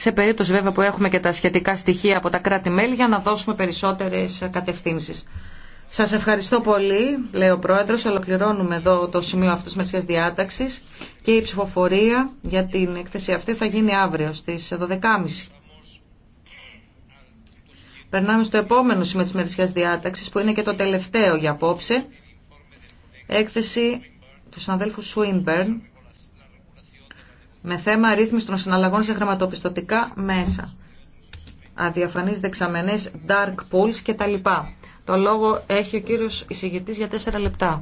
σε περίπτωση βέβαια που έχουμε και τα σχετικά στοιχεία από τα κράτη-μέλη για να δώσουμε περισσότερες κατευθύνσεις. Σας ευχαριστώ πολύ, λέει ο Πρόεδρος. Ολοκληρώνουμε εδώ το σημείο αυτού της μεσιάς διάταξης και η ψηφοφορία για την έκθεση αυτή θα γίνει αύριο στις 12.30. Περνάμε στο επόμενο σημείο της μερισιάς διάταξης που είναι και το τελευταίο για απόψε. Έκθεση του συναδέλφου Σουίνμπερν με θέμα ρύθμιση των συναλλαγών σε χρηματοπιστωτικά μέσα. Αδιαφανείς δεξαμενές, dark pools κτλ. Το λόγο έχει ο κύριος εισηγητής για τέσσερα λεπτά.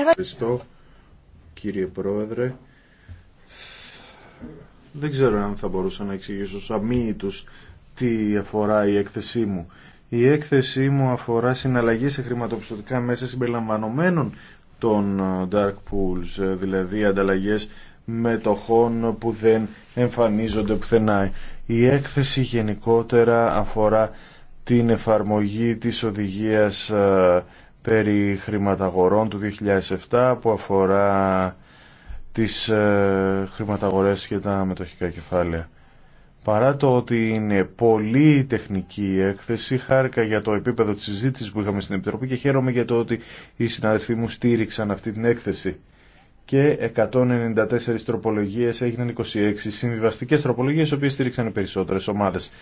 Ευχαριστώ, κύριε Πρόεδρε. Δεν ξέρω αν θα μπορούσα να εξηγήσω στους αμύητους τι αφορά η έκθεσή μου. Η έκθεσή μου αφορά συναλλαγή σε χρηματοπιστωτικά μέσα συμπεριλαμβανομένων των ε, dark pools, ε, δηλαδή ανταλλαγές μετοχών που δεν εμφανίζονται πουθενά. Η έκθεση γενικότερα αφορά την εφαρμογή της οδηγίας ε, περί χρηματαγορών του 2007 που αφορά τις χρηματαγορές και τα μετοχικά κεφάλαια. Παρά το ότι είναι πολύ τεχνική η έκθεση, χάρηκα για το επίπεδο της συζήτησης που είχαμε στην Επιτροπή και χαίρομαι για το ότι οι συναδελφοί μου στήριξαν αυτή την έκθεση. Και 194 τροπολογίες έγιναν 26 συμβιβαστικές τροπολογίες, οι οποίες στήριξαν περισσότερες ομάδες.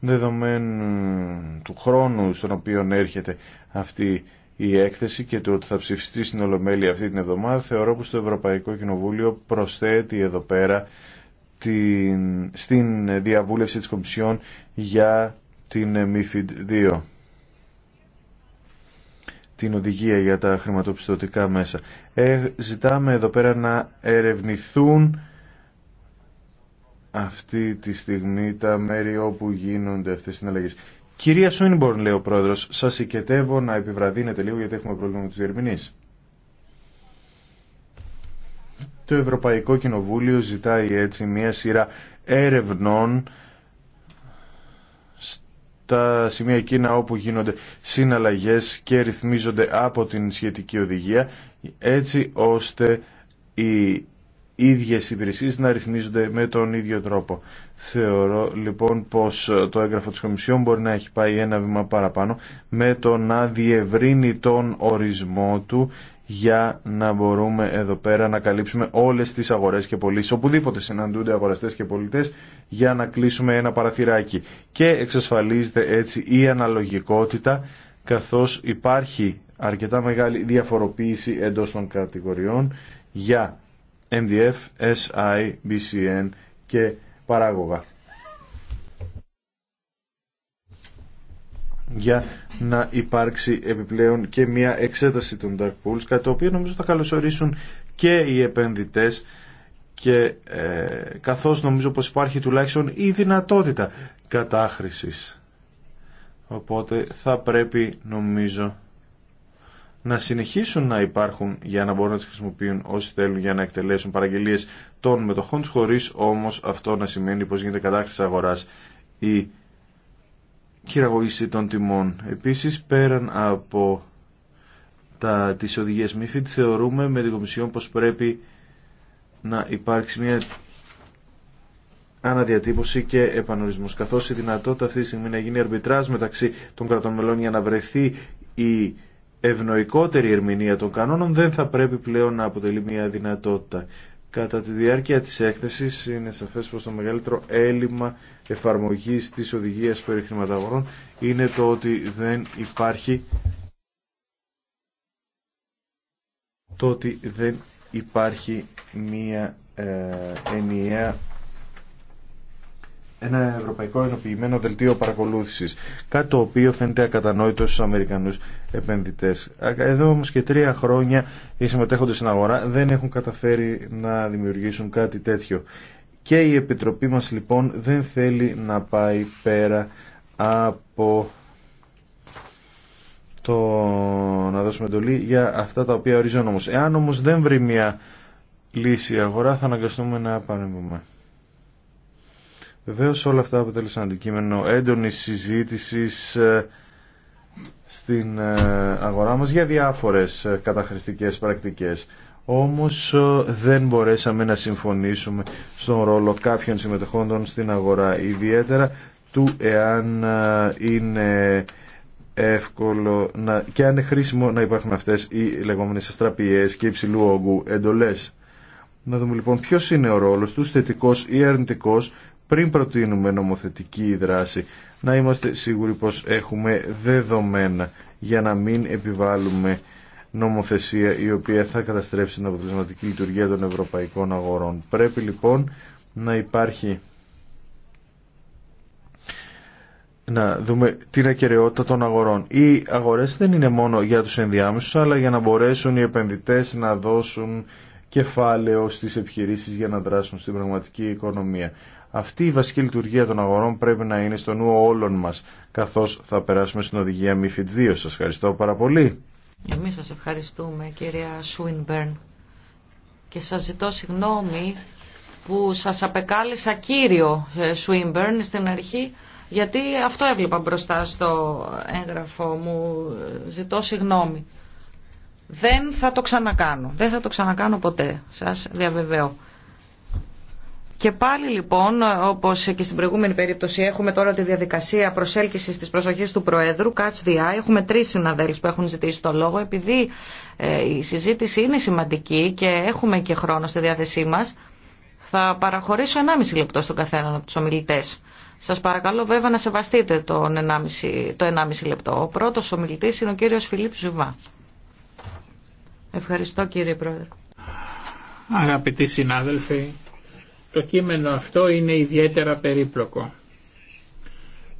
Δεδομένου του χρόνου στον οποίο έρχεται αυτή η έκθεση και το ότι θα ψηφιστεί στην Ολομέλη αυτή την εβδομάδα, θεωρώ πως το Ευρωπαϊκό Κοινοβούλιο προσθέτει εδώ πέρα στην διαβούλευση της Κομισιόν για την MIFID 2 την οδηγία για τα χρηματοπιστωτικά μέσα. Ε, ζητάμε εδώ πέρα να ερευνηθούν αυτή τη στιγμή τα μέρη όπου γίνονται αυτές οι συναλλαγές. Κυρία Σούινμπορν, λέει ο πρόεδρος, σας οικετεύω να επιβραδύνετε λίγο γιατί έχουμε πρόβλημα με τους Το Ευρωπαϊκό Κοινοβούλιο ζητάει έτσι μια σειρά έρευνών στα σημεία εκείνα όπου γίνονται συναλλαγές και ρυθμίζονται από την σχετική οδηγία έτσι ώστε οι ίδιες υπηρεσίες να ρυθμίζονται με τον ίδιο τρόπο. Θεωρώ λοιπόν πως το έγγραφο της Κομισιόν μπορεί να έχει πάει ένα βήμα παραπάνω με το να διευρύνει τον ορισμό του για να μπορούμε εδώ πέρα να καλύψουμε όλες τις αγορές και πωλήσει οπουδήποτε συναντούνται αγοραστές και πολιτές για να κλείσουμε ένα παραθυράκι και εξασφαλίζεται έτσι η αναλογικότητα καθώς υπάρχει αρκετά μεγάλη διαφοροποίηση εντός των κατηγοριών για MDF, SI, BCN και παράγωγα. για να υπάρξει επιπλέον και μια εξέταση των dark pools, κάτι το οποίο νομίζω θα καλωσορίσουν και οι επενδυτές και ε, καθώς νομίζω πως υπάρχει τουλάχιστον η δυνατότητα κατάχρησης. Οπότε θα πρέπει νομίζω να συνεχίσουν να υπάρχουν για να μπορούν να τις χρησιμοποιούν όσοι θέλουν για να εκτελέσουν παραγγελίες των μετοχών τους χωρίς όμως αυτό να σημαίνει πως γίνεται κατάχρηση αγοράς ή χειραγωγήσει των τιμών. Επίσης, πέραν από τα, τις οδηγίες MIFID, θεωρούμε με την Κομισιόν πως πρέπει να υπάρξει μια αναδιατύπωση και επανορισμός, καθώς η δυνατότητα αυτή τη στιγμή να γίνει αρμπιτράζ μεταξύ των κρατών μελών για να βρεθεί η ευνοϊκότερη ερμηνεία των κανόνων δεν θα πρέπει πλέον να αποτελεί μια δυνατότητα. Κατά τη διάρκεια της έκθεσης είναι σαφές πως το μεγαλύτερο έλλειμμα εφαρμογής της οδηγίας περί χρηματαγορών είναι το ότι δεν υπάρχει το ότι δεν υπάρχει μία ε, ενιαία ένα ευρωπαϊκό ενοποιημένο δελτίο παρακολούθησης, κάτι το οποίο φαίνεται ακατανόητο στου αμερικανού επενδυτές. Εδώ όμω και τρία χρόνια οι συμμετέχοντε στην αγορά δεν έχουν καταφέρει να δημιουργήσουν κάτι τέτοιο. Και η Επιτροπή μας λοιπόν δεν θέλει να πάει πέρα από το να δώσουμε εντολή για αυτά τα οποία ορίζει ο Εάν όμως δεν βρει μια λύση η αγορά θα αναγκαστούμε να παρέμβουμε. Βεβαίω όλα αυτά αποτέλεσαν αντικείμενο έντονη συζήτηση ε, στην ε, αγορά μας για διάφορες ε, καταχρηστικές πρακτικές. Όμως δεν μπορέσαμε να συμφωνήσουμε στον ρόλο κάποιων συμμετεχόντων στην αγορά, ιδιαίτερα του εάν είναι εύκολο να... και αν είναι χρήσιμο να υπάρχουν αυτές οι λεγόμενες αστραπιές και υψηλού όγκου εντολές. Να δούμε λοιπόν ποιος είναι ο ρόλος του, θετικός ή αρνητικός, πριν προτείνουμε νομοθετική δράση να είμαστε σίγουροι πως έχουμε δεδομένα για να μην επιβάλλουμε νομοθεσία η οποία θα καταστρέψει την αποτελεσματική λειτουργία των ευρωπαϊκών αγορών. Πρέπει λοιπόν να υπάρχει να δούμε την ακαιρεότητα των αγορών. Οι αγορές δεν είναι μόνο για τους ενδιάμεσους, αλλά για να μπορέσουν οι επενδυτές να δώσουν κεφάλαιο στις επιχειρήσεις για να δράσουν στην πραγματική οικονομία. Αυτή η βασική λειτουργία των αγορών πρέπει να είναι στο νου όλων μας, καθώς θα περάσουμε στην οδηγία MIFID 2. Σας ευχαριστώ πάρα πολύ. Εμείς σας ευχαριστούμε κυρία Σουίνμπερν και σας ζητώ συγγνώμη που σας απεκάλεσα κύριο ε, Σουίνμπερν στην αρχή γιατί αυτό έβλεπα μπροστά στο έγγραφο μου. Ζητώ συγγνώμη. Δεν θα το ξανακάνω. Δεν θα το ξανακάνω ποτέ. Σας διαβεβαιώ. Και πάλι λοιπόν, όπως και στην προηγούμενη περίπτωση, έχουμε τώρα τη διαδικασία προσέλκυσης της προσοχής του Προέδρου, Catch the Έχουμε τρεις συναδέλφους που έχουν ζητήσει το λόγο, επειδή ε, η συζήτηση είναι σημαντική και έχουμε και χρόνο στη διάθεσή μας. Θα παραχωρήσω 1,5 λεπτό στον καθέναν από τους ομιλητές. Σας παρακαλώ βέβαια να σεβαστείτε τον 1,5, το 1,5 λεπτό. Ο πρώτος ομιλητής είναι ο κύριος Φιλίπ Ζουβά. Ευχαριστώ κύριε Πρόεδρε. Αγαπητοί συνάδελφοι, το κείμενο αυτό είναι ιδιαίτερα περίπλοκο.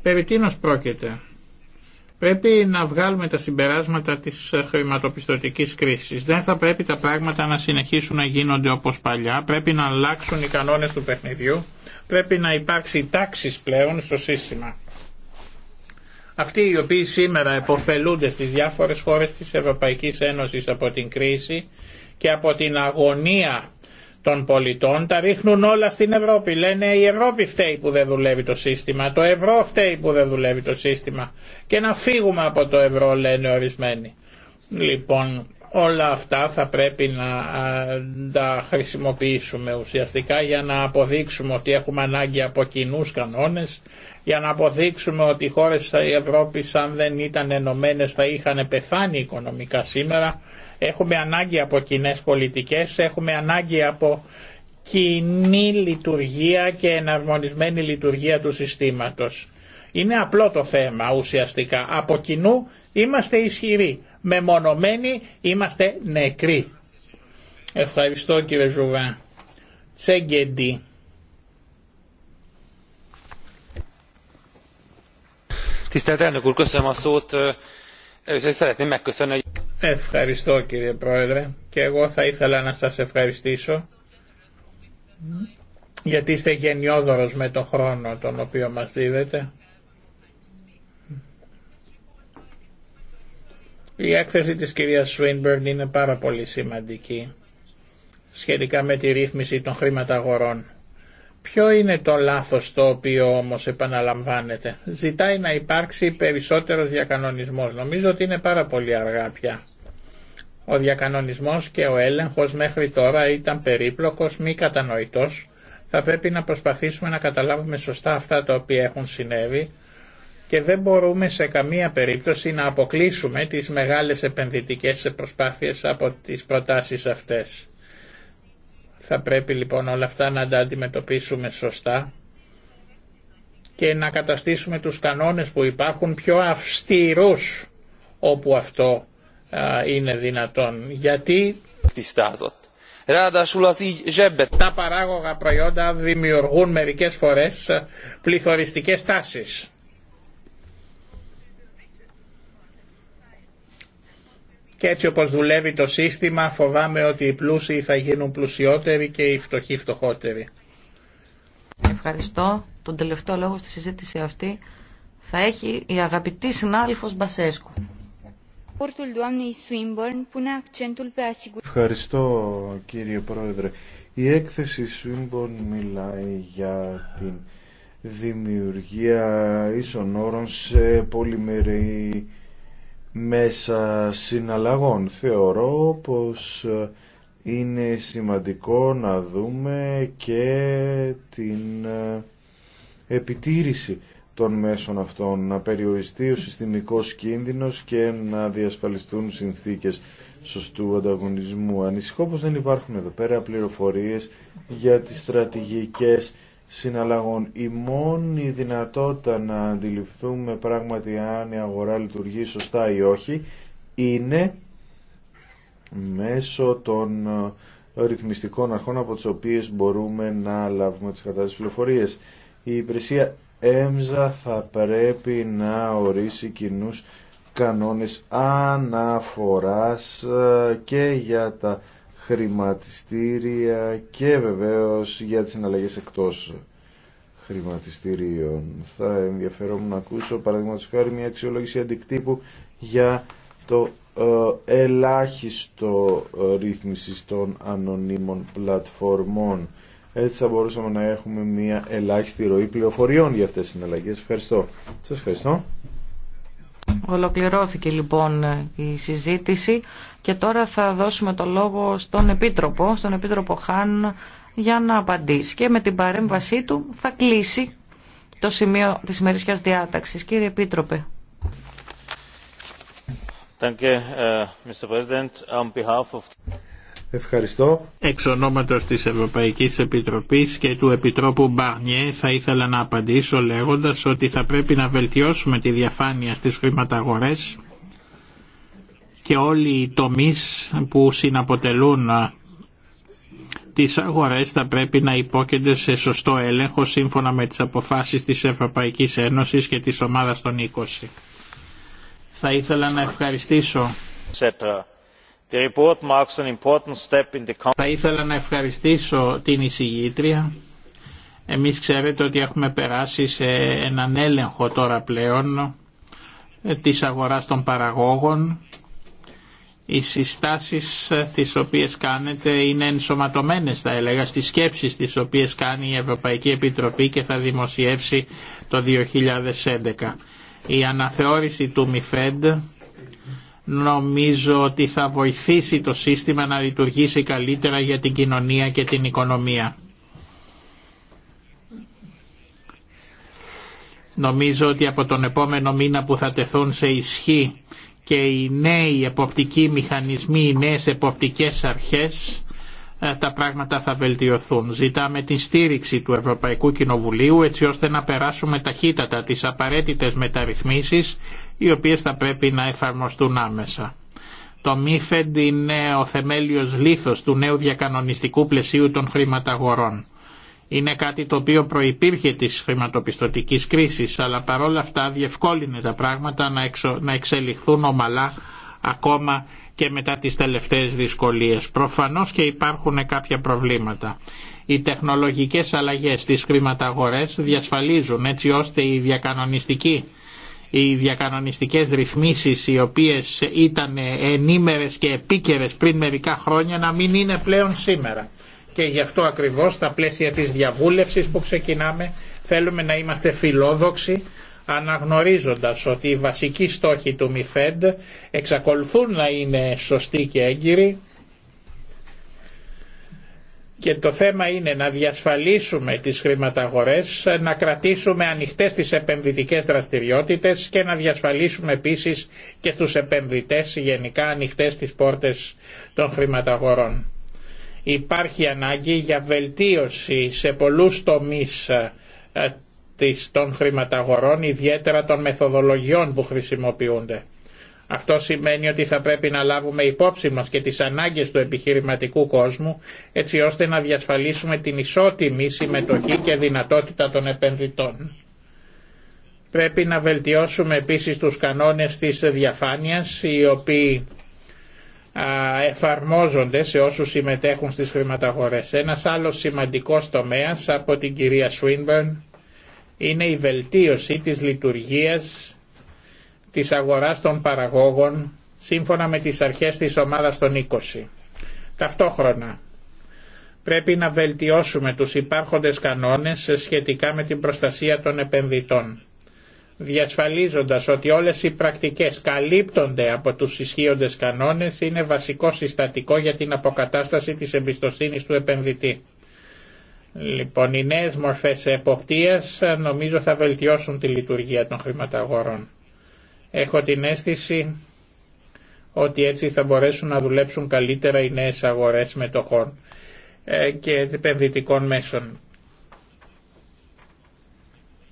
Περί τίνος πρόκειται. Πρέπει να βγάλουμε τα συμπεράσματα της χρηματοπιστωτικής κρίσης. Δεν θα πρέπει τα πράγματα να συνεχίσουν να γίνονται όπως παλιά. Πρέπει να αλλάξουν οι κανόνες του παιχνιδιού. Πρέπει να υπάρξει τάξης πλέον στο σύστημα. Αυτοί οι οποίοι σήμερα εποφελούνται στις διάφορες χώρες της Ευρωπαϊκής Ένωσης από την κρίση και από την αγωνία των πολιτών τα ρίχνουν όλα στην Ευρώπη. Λένε η Ευρώπη φταίει που δεν δουλεύει το σύστημα, το ευρώ φταίει που δεν δουλεύει το σύστημα και να φύγουμε από το ευρώ λένε ορισμένοι. Λοιπόν, όλα αυτά θα πρέπει να τα χρησιμοποιήσουμε ουσιαστικά για να αποδείξουμε ότι έχουμε ανάγκη από κοινού κανόνες για να αποδείξουμε ότι οι χώρες της Ευρώπης αν δεν ήταν ενωμένε θα είχαν πεθάνει οικονομικά σήμερα. Έχουμε ανάγκη από κοινέ πολιτικές, έχουμε ανάγκη από κοινή λειτουργία και εναρμονισμένη λειτουργία του συστήματος. Είναι απλό το θέμα ουσιαστικά. Από κοινού είμαστε ισχυροί. Μεμονωμένοι είμαστε νεκροί. Ευχαριστώ κύριε Ζουβά. Τσέγγεντι. Ευχαριστώ κύριε Πρόεδρε και εγώ θα ήθελα να σας ευχαριστήσω γιατί είστε γενιόδωρος με το χρόνο τον οποίο μας δίδετε. Η έκθεση της κυρίας Σουίνμπερν είναι πάρα πολύ σημαντική σχετικά με τη ρύθμιση των χρηματαγορών. Ποιο είναι το λάθος το οποίο όμως επαναλαμβάνεται. Ζητάει να υπάρξει περισσότερος διακανονισμός. Νομίζω ότι είναι πάρα πολύ αργά πια. Ο διακανονισμός και ο έλεγχος μέχρι τώρα ήταν περίπλοκος, μη κατανοητός. Θα πρέπει να προσπαθήσουμε να καταλάβουμε σωστά αυτά τα οποία έχουν συνέβη και δεν μπορούμε σε καμία περίπτωση να αποκλείσουμε τις μεγάλες επενδυτικές προσπάθειες από τις προτάσεις αυτές. Θα πρέπει λοιπόν όλα αυτά να τα αντιμετωπίσουμε σωστά και να καταστήσουμε τους κανόνες που υπάρχουν πιο αυστηρούς όπου αυτό είναι δυνατόν. Γιατί τα παράγωγα προϊόντα δημιουργούν μερικές φορές πληθωριστικές τάσεις. και έτσι όπως δουλεύει το σύστημα φοβάμαι ότι οι πλούσιοι θα γίνουν πλουσιότεροι και οι φτωχοί φτωχότεροι. Ευχαριστώ. Τον τελευταίο λόγο στη συζήτηση αυτή θα έχει η αγαπητή συνάδελφος Μπασέσκου. Ευχαριστώ κύριε Πρόεδρε. Η έκθεση Swinburne μιλάει για την δημιουργία ίσων όρων σε πολυμερή μέσα συναλλαγών. Θεωρώ πως ε, είναι σημαντικό να δούμε και την ε, επιτήρηση των μέσων αυτών, να περιοριστεί ο συστημικός κίνδυνος και να διασφαλιστούν συνθήκες σωστού ανταγωνισμού. Ανησυχώ πως δεν υπάρχουν εδώ πέρα πληροφορίες για τις στρατηγικές συναλλαγών. Η μόνη δυνατότητα να αντιληφθούμε πράγματι αν η αγορά λειτουργεί σωστά ή όχι είναι μέσω των ε, ρυθμιστικών αρχών από τις οποίες μπορούμε να λάβουμε τις κατάλληλες πληροφορίες. Η υπηρεσία έμζα θα πρέπει να ορίσει κοινούς κανόνες αναφοράς ε, και για τα χρηματιστήρια και βεβαίως για τις συναλλαγές εκτός χρηματιστήριων. Θα ενδιαφερόμουν να ακούσω παραδείγματος χάρη μια αξιολόγηση αντικτύπου για το ε, ελάχιστο ε, ρύθμιση των ανωνύμων πλατφορμών. Έτσι θα μπορούσαμε να έχουμε μια ελάχιστη ροή πληροφοριών για αυτές τις συναλλαγές. Ευχαριστώ. Σας ευχαριστώ. Ολοκληρώθηκε λοιπόν η συζήτηση. Και τώρα θα δώσουμε το λόγο στον Επίτροπο, στον Επίτροπο Χάν, για να απαντήσει. Και με την παρέμβασή του θα κλείσει το σημείο της ημερήσιας διάταξης. Κύριε Επίτροπε. Uh, Ευχαριστώ. Εξ ονόματος της Ευρωπαϊκής Επιτροπής και του Επιτρόπου Μπάνιε θα ήθελα να απαντήσω λέγοντας ότι θα πρέπει να βελτιώσουμε τη διαφάνεια στις χρηματαγορές και όλοι οι τομείς που συναποτελούν τις αγορές θα πρέπει να υπόκεινται σε σωστό έλεγχο σύμφωνα με τις αποφάσεις της Ευρωπαϊκής Ένωσης και της Ομάδας των 20. Θα ήθελα να ευχαριστήσω θα ήθελα να ευχαριστήσω την εισηγήτρια. Εμείς ξέρετε ότι έχουμε περάσει σε έναν έλεγχο τώρα πλέον ε, της αγοράς των παραγόγων οι συστάσεις ε, τις οποίες κάνετε είναι ενσωματωμένες θα έλεγα στις σκέψεις τις οποίες κάνει η Ευρωπαϊκή Επιτροπή και θα δημοσιεύσει το 2011. Η αναθεώρηση του ΜΙΦΕΔ νομίζω ότι θα βοηθήσει το σύστημα να λειτουργήσει καλύτερα για την κοινωνία και την οικονομία. Νομίζω ότι από τον επόμενο μήνα που θα τεθούν σε ισχύ και οι νέοι εποπτικοί μηχανισμοί, οι νέες εποπτικές αρχές ε, τα πράγματα θα βελτιωθούν. Ζητάμε τη στήριξη του Ευρωπαϊκού Κοινοβουλίου έτσι ώστε να περάσουμε ταχύτατα τις απαραίτητες μεταρρυθμίσεις οι οποίες θα πρέπει να εφαρμοστούν άμεσα. Το ΜΥΦΕΝΤ είναι ο θεμέλιος λίθος του νέου διακανονιστικού πλαισίου των χρηματαγορών είναι κάτι το οποίο προϋπήρχε της χρηματοπιστωτικής κρίσης αλλά παρόλα αυτά διευκόλυνε τα πράγματα να εξελιχθούν ομαλά ακόμα και μετά τις τελευταίες δυσκολίες. Προφανώς και υπάρχουν κάποια προβλήματα. Οι τεχνολογικές αλλαγές στις χρηματαγορές διασφαλίζουν έτσι ώστε οι διακανονιστικές ρυθμίσεις οι οποίες ήταν ενήμερες και επίκαιρες πριν μερικά χρόνια να μην είναι πλέον σήμερα και γι' αυτό ακριβώς στα πλαίσια της διαβούλευσης που ξεκινάμε θέλουμε να είμαστε φιλόδοξοι αναγνωρίζοντας ότι οι βασικοί στόχοι του ΜΙΦΕΔ εξακολουθούν να είναι σωστοί και έγκυροι και το θέμα είναι να διασφαλίσουμε τις χρηματαγορές, να κρατήσουμε ανοιχτές τις επενδυτικές δραστηριότητες και να διασφαλίσουμε επίσης και τους επενδυτές γενικά ανοιχτές τις πόρτες των χρηματαγορών. Υπάρχει ανάγκη για βελτίωση σε πολλούς τομείς ε, ε, των χρηματαγορών, ιδιαίτερα των μεθοδολογιών που χρησιμοποιούνται. Αυτό σημαίνει ότι θα πρέπει να λάβουμε υπόψη μας και τις ανάγκες του επιχειρηματικού κόσμου έτσι ώστε να διασφαλίσουμε την ισότιμη συμμετοχή και δυνατότητα των επενδυτών. Πρέπει να βελτιώσουμε επίσης τους κανόνες της διαφάνειας οι οποίοι εφαρμόζονται σε όσους συμμετέχουν στις χρηματαγορές. Ένας άλλος σημαντικός τομέας από την κυρία Σουίνμπερν είναι η βελτίωση της λειτουργίας της αγοράς των παραγόγων σύμφωνα με τις αρχές της ομάδας των 20. Ταυτόχρονα πρέπει να βελτιώσουμε τους υπάρχοντες κανόνες σχετικά με την προστασία των επενδυτών διασφαλίζοντας ότι όλες οι πρακτικές καλύπτονται από τους ισχύοντες κανόνες είναι βασικό συστατικό για την αποκατάσταση της εμπιστοσύνης του επενδυτή. Λοιπόν, οι νέες μορφές εποπτείας ε, νομίζω θα βελτιώσουν τη λειτουργία των χρηματαγορών. Έχω την αίσθηση ότι έτσι θα μπορέσουν να δουλέψουν καλύτερα οι νέες αγορές μετοχών ε, και επενδυτικών μέσων.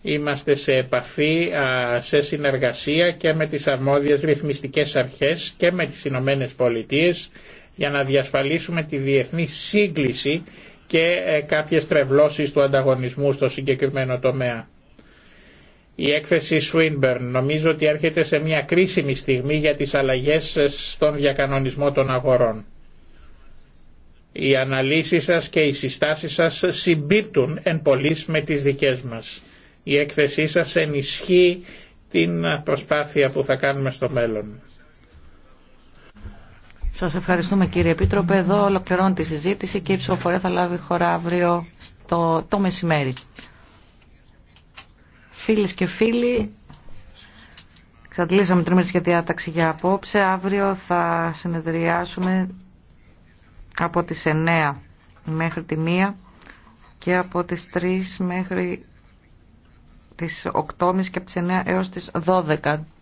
Είμαστε σε επαφή, σε συνεργασία και με τις αρμόδιες ρυθμιστικές αρχές και με τις Ηνωμένε Πολιτείε για να διασφαλίσουμε τη διεθνή σύγκληση και ε, κάποιες τρευλώσεις του ανταγωνισμού στο συγκεκριμένο τομέα. Η έκθεση Swinburne νομίζω ότι έρχεται σε μια κρίσιμη στιγμή για τις αλλαγές στον διακανονισμό των αγορών. Οι αναλύσεις σας και οι συστάσεις σας συμπίπτουν εν πολλής με τις δικές μας. Η έκθεσή σας ενισχύει την προσπάθεια που θα κάνουμε στο μέλλον. Σας ευχαριστούμε κύριε Επίτροπε. Εδώ ολοκληρώνω τη συζήτηση και η ψηφοφορία θα λάβει χώρα αύριο στο, το μεσημέρι. Φίλες και φίλοι, εξαντλήσαμε μέρες για διάταξη για απόψε. Αύριο θα συνεδριάσουμε από τις 9 μέχρι τη 1 και από τις 3 μέχρι τις 8.30 και από τις 9 έως τις 12.